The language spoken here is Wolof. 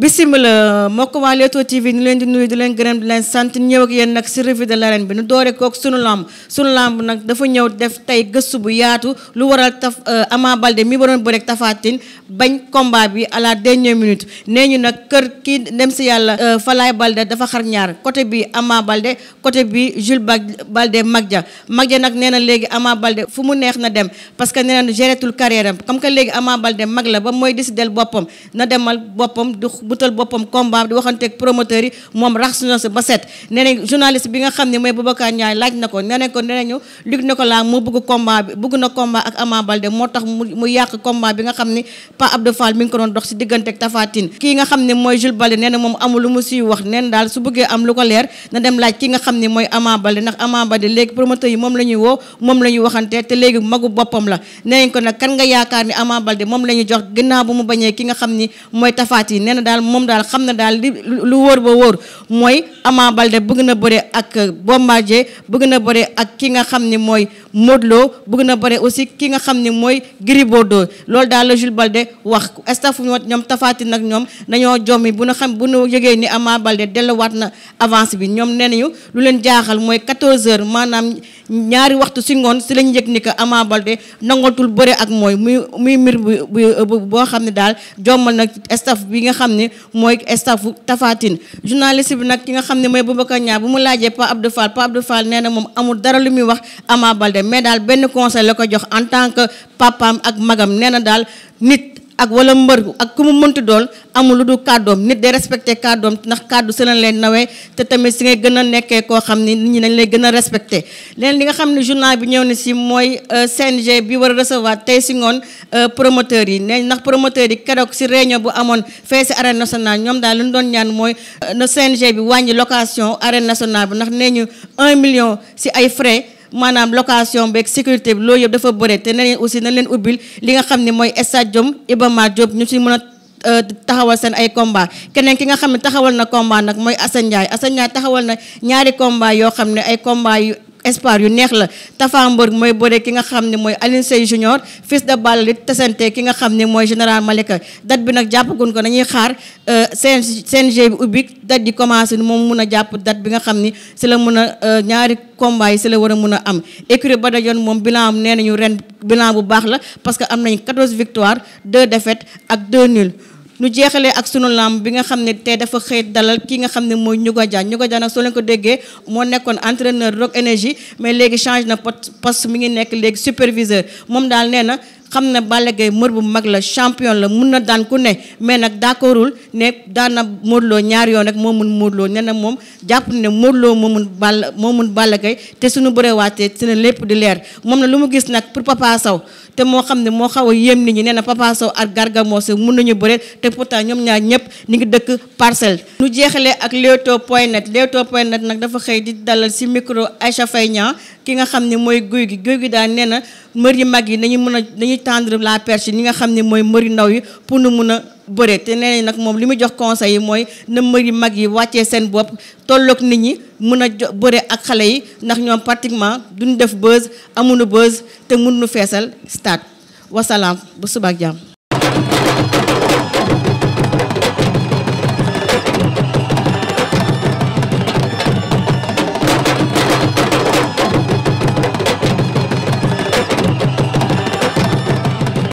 bisimila mbokk waa Leewtoo TV ñu leen di nuyu di leen gërëm di leen sant ñëw ak yéen nag si revue de l'arène bi nu doore kook sunu lamb sunu lamb nag dafa ñëw def tey gëstu bu yaatu lu waral taf euh, Ama mii mi waroon bëreek Tapha bañ combat bi à la dernière minute nee ñu nag kër kii dem si yàlla euh, Falaye Baldé dafa xar ñaar côté bi Ama Baldé côté bi Jules Baldé Magdia Magdia nag nee na léegi Ama Baldé fu mu neex na dem parce que nee na géretul carrière comme que léegi Ama Baldé mag la ba mooy décider boppam na demal boppam butal boppam combat di waxanteeg promoteur yi moom rax suñu ba set nee nañ bi nga xam ne mooy Boubacar Niang laaj na ko nee nañ ko nee nañu Luc Nicolas moo bëgg combat bi bëgg na combat ak Ama Baldé moo tax mu mu yàq combat bi ko doon dox si digganteeg Tapha Tine kii nga xam ne mooy Jules Baldé nee na moom amul lu mu léegi promoteur yi moom la ñuy woo moom la ñuy te léegi magu boppam la nee nañ ko nag kan nga yaakaar ni Ama Baldé moom la ñuy jox ginnaaw bu mu bañee ki nga xam ni mooy Tapha Tine daal daal moom daal xam na daal li lu wóor ba wóor mooy Ama Baldé bëgg na bëre ak Bombardier bëgg na bëre ak ki nga xam ni mooy Modou bëgg na bëre aussi ki nga xam ni mooy Gris Bordeaux loolu daal la Jules Baldé wax staff ñoom tafaati nag ñoom dañoo jommi bu ñu xam bu ñu yëgee ni Ama Baldé delluwaat na avance bi ñoom nee lu leen jaaxal mooy 14 heures maanaam ñaari waxtu si ngoon si lañ yëg ni que Ama Baldé nangatul bëre ak mooy muy muy mbir bu boo xam ne daal jommal nag staff bi nga xam ne mooy staffu Tafatine journaliste bi nag ki nga xam ne mooy Boubacar ñaar bu mu laajee po Abdou Fall Pa Abdou Fall nee na moom amul dara lu muy wax Ama Baldé mais daal benn conseil la ko jox en tant que papaam ak magam nee na daal nit ak wala mbër ak ku mu mënti doon amul lu dul kàddoom nit day respecté kàddoom ndax kàddu si leen nawee te tamit si ngay gën a nekkee koo xam ni nit ñi dañ lay gën a respecté leen li nga xam ne journal bi ñëw na si mooy euh, CNG bi war a recevoir tey si ngoon euh, promoteur yi ne ndax promoteur yi keroog si réunion bu amoon fee si arène nationale ñoom daal lu ñu doon ñaan mooy euh, na CNG bi wàññi location arène nationale bi ndax nee ñu un million si ay frais maanaam location beeg sécurité bi loolu yëpp dafa bëre te na leen aussi na leen ubbil li nga xam ne mooy stade Iba Mar Diop ñu si mën a euh, taxawal seen ay combat keneen ki nga xam ne taxawal na combat nag mooy Assane Ndiaye Assane Ndiaye taxawal nag ñaari combat yoo xam ne ay combat yu espoir yu neex la Tafa mooy bëre ki nga xam ne mooy Alioune Seye Junior fils de Balla di tesante ki nga xam ne mooy général Malika date bi nag jàppagun ko dañuy xaar euh, CNG CNG bi ubbi date di commencé moom mun a jàpp date bi nga xam ne si la mën a euh, ñaari combat si la war a mun a am écurie ba dajoon moom bilan am nee nañu ren bilan bu baax la parce que am nañ 14 victoires 2 défaites ak 2 nuls lu jeexalee ak sunu lamb bi nga xam ne tey dafa xëy dalal kii nga xam ne mooy Ndiouga Dia Ndiouga Dia nag soo leen ko déggee moo nekkoon entreneur Rock Énergie mais léegi change na poste mi ngi nekk léegi superviseur moom daal nee nag xam ne Balla Gaye mbër bu mag la champion la mun na daan ku ne mais nag d'accordul ne daan na Modou Lo ñaar yoon rek moo mun Modou Lo nee moom jàpp ne Modou Lo moo mun Balla moo mun Balla Gaye te suñu bëreewaatee sina lépp di leer moom na lu mu gis nag pour Papa Sow te moo xam ne moo xaw a yéem nit ñi nee na Papa Sow ak Garga Mbossé mun nañu bëre te pourtant ñoom ñaar ñëpp ñu ngi dëkk parcelle ñu jeexalee ak Leewtoo point net Leewtoo point net nag dafa xëy di dalal ci micro a Faye Niang ki nga xam ne mooy guy gi guy gi daal nee na mbër yi mag yi nañu mën a nañu tendre la perche ñi nga xam ne mooy mbër yu ndaw yi pour nu mun a bëre te nee nañ nag moom li mu jox conseil yi mooy na mbër yi mag yi wàccee seen bopp tolloog nit ñi mun a bëre ak xale yi ndax ñoom pratiquement duñ def buzz amuñu buzz te mënuñu feesal stade wasalaam bu subaak jàmm